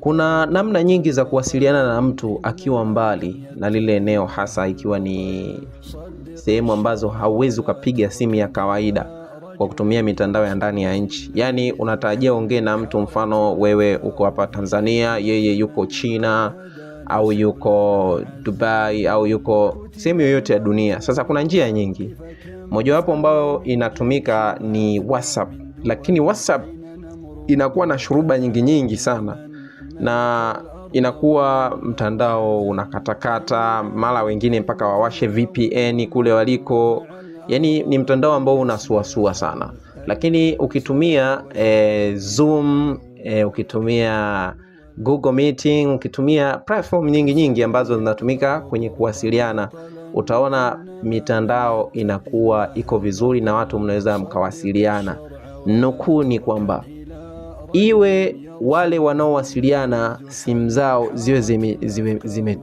Kuna namna nyingi za kuwasiliana na mtu akiwa mbali na lile eneo, hasa ikiwa ni sehemu ambazo hauwezi ukapiga simu ya kawaida kwa kutumia mitandao ya ndani ya nchi. Yaani unatarajia ongee na mtu, mfano wewe uko hapa Tanzania, yeye yuko China au yuko Dubai au yuko sehemu yoyote ya dunia. Sasa kuna njia nyingi, mojawapo ambayo inatumika ni WhatsApp, lakini WhatsApp inakuwa na shuruba nyingi nyingi sana, na inakuwa mtandao unakatakata, mara wengine mpaka wawashe VPN kule waliko. Yani ni mtandao ambao unasuasua sana, lakini ukitumia e, Zoom e, ukitumia Google Meeting, ukitumia platform nyingi nyingi ambazo zinatumika kwenye kuwasiliana, utaona mitandao inakuwa iko vizuri na watu mnaweza mkawasiliana. Nukuu ni kwamba iwe wale wanaowasiliana simu zao ziwe zimetulia zime,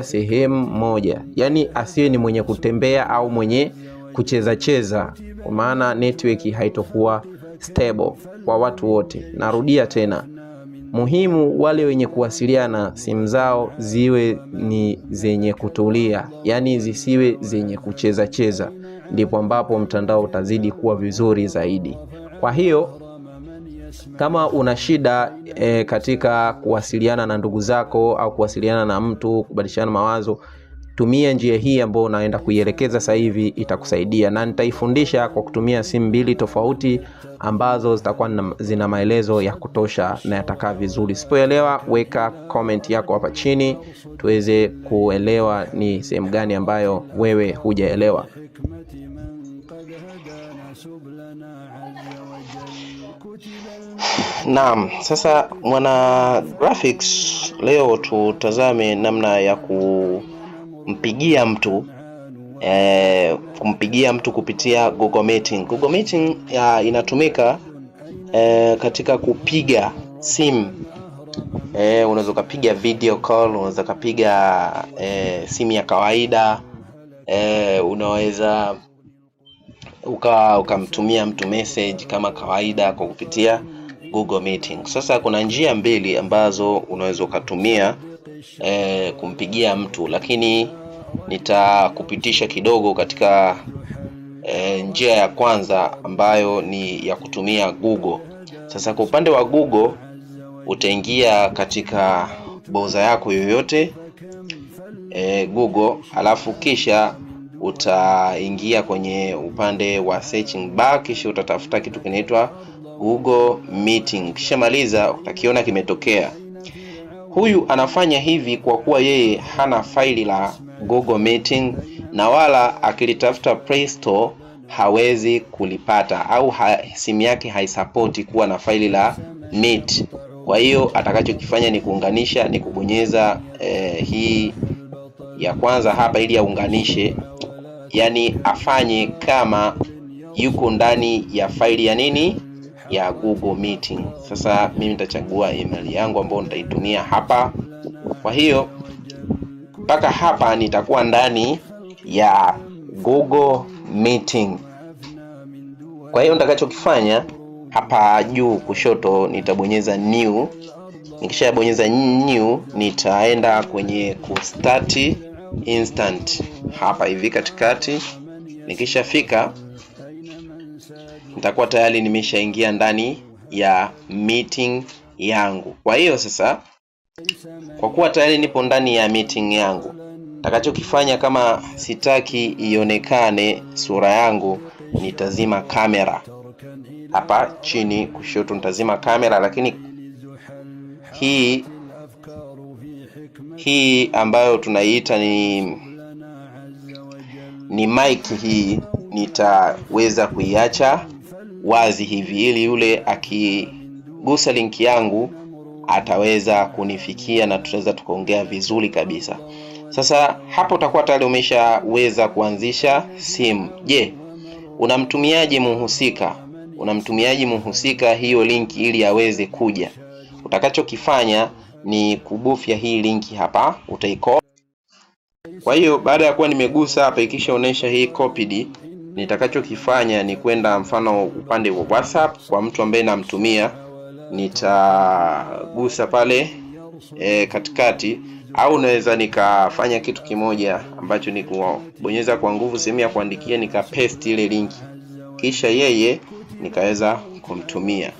zime sehemu moja, yaani asiwe ni mwenye kutembea au mwenye kucheza cheza, kwa maana network haitokuwa stable kwa watu wote. Narudia tena, muhimu wale wenye kuwasiliana simu zao ziwe ni zenye kutulia, yaani zisiwe zenye kucheza cheza, ndipo ambapo mtandao utazidi kuwa vizuri zaidi. Kwa hiyo kama una shida e, katika kuwasiliana na ndugu zako au kuwasiliana na mtu, kubadilishana mawazo, tumia njia hii ambayo unaenda kuielekeza sasa hivi, itakusaidia na nitaifundisha kwa kutumia simu mbili tofauti ambazo zitakuwa zina maelezo ya kutosha na yatakaa vizuri. Sipoelewa, weka comment yako hapa chini tuweze kuelewa ni sehemu gani ambayo wewe hujaelewa. Naam, sasa mwana graphics, leo tutazame namna ya kumpigia mtu e, kumpigia mtu kupitia Google Meeting. Google Meeting ya, inatumika e, katika kupiga simu e, eh, unaweza ukapiga video call, unaweza ukapiga e, simu ya kawaida e, unaweza uka ukamtumia mtu message kama kawaida kwa kupitia Google Meeting. Sasa kuna njia mbili ambazo unaweza ukatumia e, kumpigia mtu, lakini nitakupitisha kidogo katika e, njia ya kwanza ambayo ni ya kutumia Google. Sasa kwa upande wa Google utaingia katika boza yako yoyote e, Google, alafu kisha utaingia kwenye upande wa searching bar, kisha utatafuta kitu kinaitwa Google Meeting. Ukishamaliza utakiona kimetokea. Huyu anafanya hivi kwa kuwa yeye hana faili la Google Meeting na wala akilitafuta Play Store hawezi kulipata au ha, simu yake haisapoti kuwa na faili la Meet. Kwa hiyo atakachokifanya ni kuunganisha, ni kubonyeza eh, hii ya kwanza hapa ili aunganishe, yaani afanye kama yuko ndani ya faili ya nini ya Google Meeting. Sasa mimi nitachagua email yangu ambayo nitaitumia hapa. Kwa hiyo mpaka hapa nitakuwa ndani ya Google Meeting. Kwa hiyo nitakachokifanya hapa juu kushoto nitabonyeza new. Nikishabonyeza new, nitaenda kwenye kustart instant hapa hivi katikati. Nikishafika nitakuwa tayari nimeshaingia ndani ya meeting yangu. Kwa hiyo sasa, kwa kuwa tayari nipo ndani ya meeting yangu, nitakachokifanya kama sitaki ionekane sura yangu, nitazima kamera hapa chini kushoto, nitazima kamera, lakini hii hii ambayo tunaiita ni ni mic hii nitaweza kuiacha wazi hivi, ili yule akigusa linki yangu ataweza kunifikia na tutaweza tukaongea vizuri kabisa. Sasa hapo utakuwa tayari umeshaweza kuanzisha simu. Je, unamtumiaje muhusika? Unamtumiaje muhusika hiyo linki ili aweze kuja? Utakachokifanya ni kubufya hii linki hapa, utaikopi Kwa hiyo baada ya kuwa nimegusa hapa, ikishaonyesha hii copied nitakachokifanya ni kwenda mfano upande wa WhatsApp kwa mtu ambaye namtumia, nitagusa pale e, katikati au naweza nikafanya kitu kimoja ambacho ni kubonyeza kwa nguvu sehemu ya kuandikia, paste ile linki, kisha yeye nikaweza kumtumia.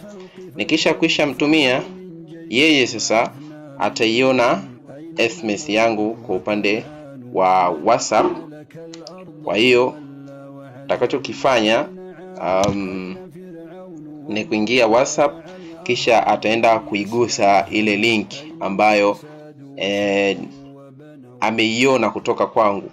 Nikisha kisha mtumia yeye, sasa ataiona SMS yangu kwa upande wa WhatsApp. Kwa hiyo atakachokifanya um, ni kuingia WhatsApp kisha ataenda kuigusa ile link ambayo eh, ameiona kutoka kwangu.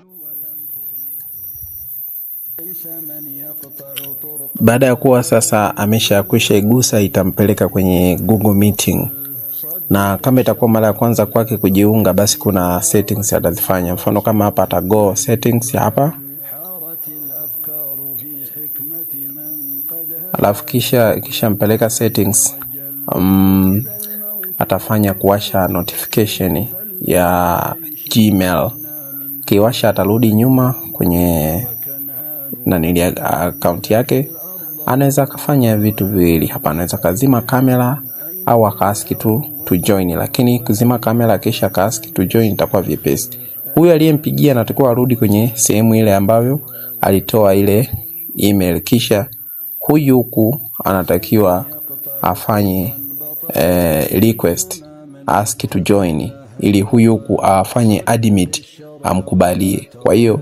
Baada ya kuwa sasa ameshakwisha igusa, itampeleka kwenye Google Meeting, na kama itakuwa mara ya kwanza kwake kujiunga, basi kuna settings atazifanya. Mfano kama hapa atago settings hapa alafu kisha kisha mpeleka settings um, atafanya kuwasha notification ya Gmail. Kiwasha atarudi nyuma kwenye nanili akaunti yake, anaweza akafanya vitu viwili hapa, anaweza kazima kamera au akaaski tu to join, lakini kuzima kamera kisha akaaski to join itakuwa vipesi. Huyu aliyempigia anatakiwa arudi kwenye sehemu ile ambayo alitoa ile email kisha huyu huku anatakiwa afanye eh, request ask to join, ili huyu huku afanye admit amkubalie. Kwa hiyo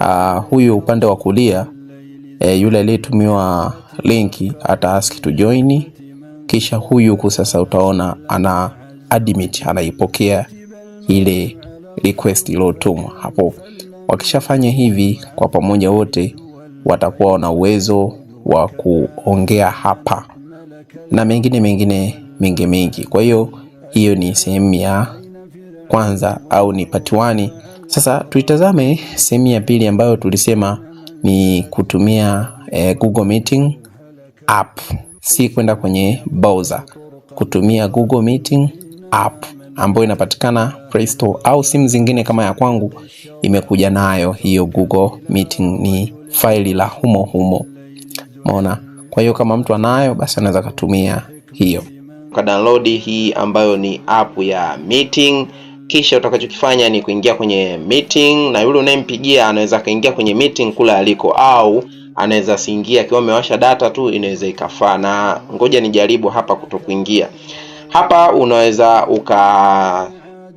uh, huyu upande wa kulia eh, yule aliyetumiwa linki ata ask to join, kisha huyu huku sasa utaona ana admit, anaipokea ile request iliyotumwa hapo. Wakishafanya hivi kwa pamoja, wote watakuwa wana uwezo wa kuongea hapa na mengine mengine mengi mengi. Kwa hiyo hiyo ni sehemu ya kwanza au ni patiwani. Sasa tuitazame sehemu ya pili ambayo tulisema ni kutumia eh, Google Meeting app, si kwenda kwenye browser, kutumia Google Meeting app ambayo inapatikana Play Store au simu zingine kama ya kwangu imekuja nayo hiyo Google Meeting, ni faili la humo humo. Umeona? Kwa hiyo kama mtu anayo basi anaweza akatumia hiyo Kwa download hii ambayo ni app ya meeting. Kisha utakachokifanya ni kuingia kwenye meeting, na yule unayempigia anaweza akaingia kwenye meeting kule aliko, au anaweza siingia Akiwa amewasha data tu inaweza ikafaa, na ngoja nijaribu hapa kutokuingia. Hapa unaweza uka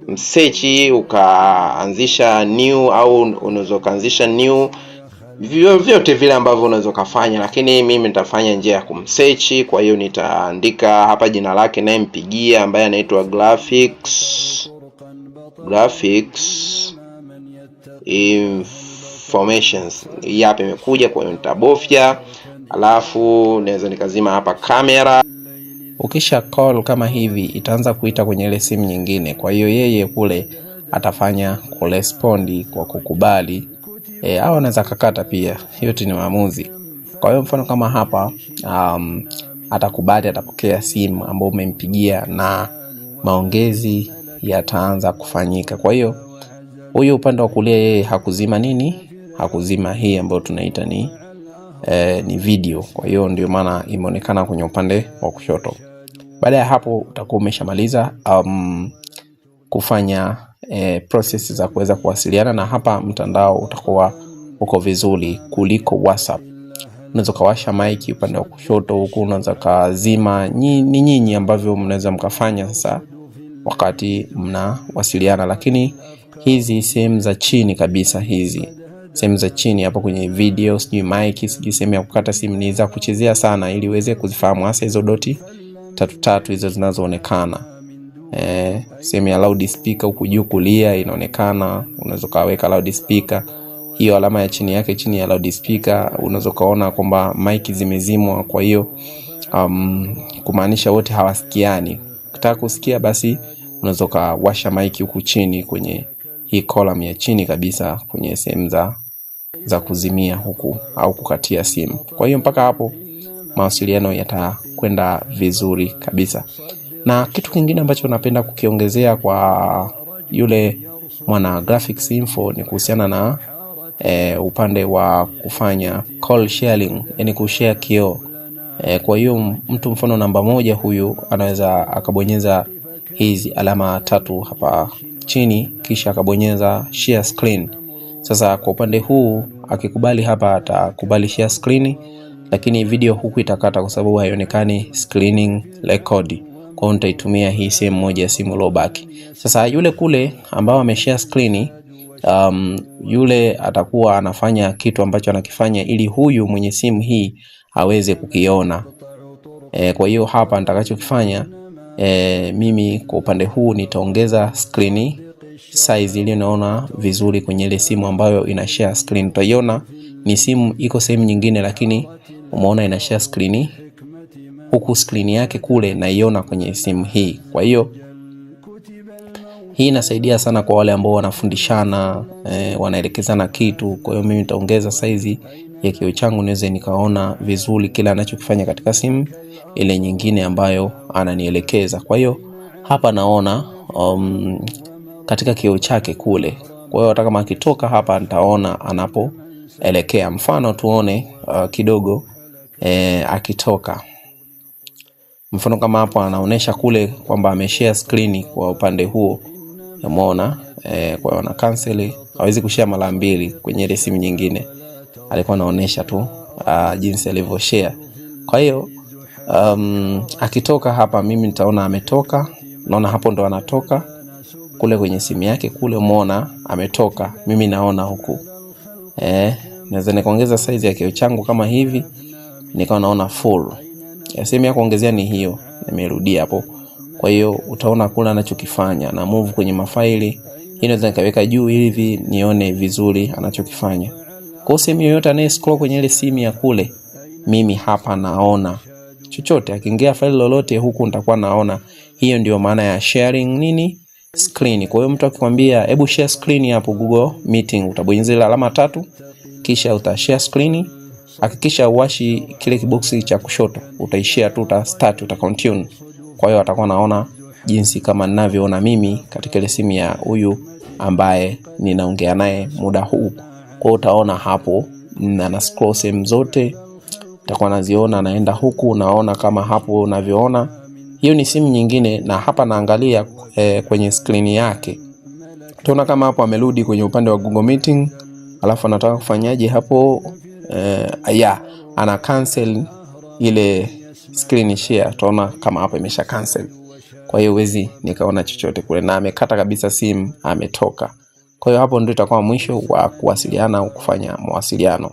msechi ukaanzisha new au unaweza ukaanzisha new vyovyote vile ambavyo unaweza ukafanya, lakini mimi nitafanya njia ya kumsechi. Kwa hiyo nitaandika hapa jina lake nayempigia ambaye anaitwa graphics graphics informations hii hapa imekuja, kwa hiyo nitabofya, alafu naweza nikazima hapa kamera. Ukisha call kama hivi, itaanza kuita kwenye ile simu nyingine, kwa hiyo yeye kule atafanya kurespondi kwa kukubali e, eh, au anaweza kakata pia. Yote ni maamuzi. Kwa hiyo mfano kama hapa um, atakubali, atapokea simu ambayo umempigia na maongezi yataanza kufanyika. Kwa hiyo huyu upande wa kulia yeye hakuzima nini, hakuzima hii ambayo tunaita ni e, ni video. Kwa hiyo ndio maana imeonekana kwenye upande wa kushoto. Baada ya hapo utakuwa umeshamaliza um, kufanya e, process za kuweza kuwasiliana na hapa, mtandao utakuwa uko vizuri kuliko WhatsApp. Unaweza ukawasha mic upande wa kushoto huku, unaweza kazima. Ni nyinyi ambavyo mnaweza mkafanya sasa wakati mnawasiliana, lakini hizi sehemu za chini kabisa, hizi sehemu za chini hapo kwenye video, sijui mic, sijui sehemu ya kukata simu ni za kuchezea sana, ili uweze kuzifahamu hasa hizo doti tatu tatu hizo zinazoonekana eh, sehemu ya speaker huku juu kulia inaonekana, unaweza kaweka speaker hiyo alama ya chini yake chini ya speaker unaweza kaona kwamba mic zimezimwa. Kwa hiyo um, kumaanisha wote hawasikiani. Ukitaka kusikia, basi unaweza kawasha mic huku chini kwenye hii column ya chini kabisa kwenye sehemu za, za kuzimia huku au kukatia simu. Kwa hiyo mpaka hapo mawasiliano yatakwenda vizuri kabisa. Na kitu kingine ambacho napenda kukiongezea kwa yule mwana graphics info ni kuhusiana na e, upande wa kufanya call sharing, yani kushare kio e. Eh, kwa hiyo mtu mfano namba moja huyu anaweza akabonyeza hizi alama tatu hapa chini, kisha akabonyeza share screen. Sasa kwa upande huu akikubali hapa atakubali share screen, lakini video huku itakata kwa sababu haionekani screening record kwa hiyo nitaitumia hii sehemu moja ya simu iliyobaki. Sasa yule kule ambao ameshare screen um, yule atakuwa anafanya kitu ambacho anakifanya ili huyu mwenye simu hii aweze kukiona. E, kwa hiyo hapa nitakachokifanya e, mimi kwa upande huu nitaongeza screen size ili naona vizuri kwenye ile simu ambayo ina share screen. Utaiona ni simu iko sehemu nyingine, lakini umeona ina share screen huku skrini yake kule naiona kwenye simu hii. Kwa hiyo hii inasaidia sana kwa wale ambao wanafundishana e, wanaelekezana kitu. Kwa hiyo mimi nitaongeza saizi ya kioo changu niweze nikaona vizuri kila anachokifanya katika simu ile nyingine ambayo ananielekeza. Kwa hiyo hapa naona um, katika kioo chake kule. Kwa hiyo hata kama akitoka hapa nitaona anapoelekea. Mfano tuone uh, kidogo e, akitoka Mfano kama hapo anaonesha kule kwamba ameshare screen kwa upande huo, umeona eh, kwa ana cancel, hawezi kushare mara mbili kwenye ile simu nyingine. Alikuwa anaonesha tu uh, jinsi alivyo share. Kwa hiyo um, akitoka hapa mimi nitaona ametoka, naona hapo ndo anatoka kule kwenye simu yake kule, umeona ametoka, mimi naona huku eh, naweza nikaongeza size ya kio changu kama hivi, nikawa naona full sehemu ya kuongezea ni hiyo, nimerudia hapo. Kwa hiyo utaona kule anachokifanya na move kwenye mafaili, naweza nikaweka juu ili nione vizuri anachokifanya. Kwa sehemu yoyote anaye scroll kwenye ile simu ya kule, mimi hapa naona chochote, akiingia faili lolote huku nitakuwa naona. Hiyo ndio maana ya sharing nini screen. Kwa hiyo mtu akikwambia hebu share screen hapo Google Meeting, utabonyeza ile alama tatu, kisha uta share screen hakikisha uwashi kile kiboksi cha kushoto, utaishia tu, uta start, uta continue. Kwa hiyo atakuwa naona jinsi kama ninavyoona mimi katika ile simu ya huyu ambaye ninaongea naye muda huu. Kwa hiyo utaona hapo na na scroll sehemu zote takuwa naziona, naenda huku naona kama hapo unavyoona, hiyo ni simu nyingine, na hapa naangalia e, kwenye screen yake tunaona kama hapo amerudi kwenye upande wa Google Meeting, alafu anataka kufanyaje hapo uh, yeah, ana cancel ile screen share. tuona kama hapo imesha cancel, kwa hiyo wezi nikaona chochote kule, na amekata kabisa simu, ametoka. Kwa hiyo hapo ndio itakuwa mwisho wa kuwasiliana au kufanya mawasiliano.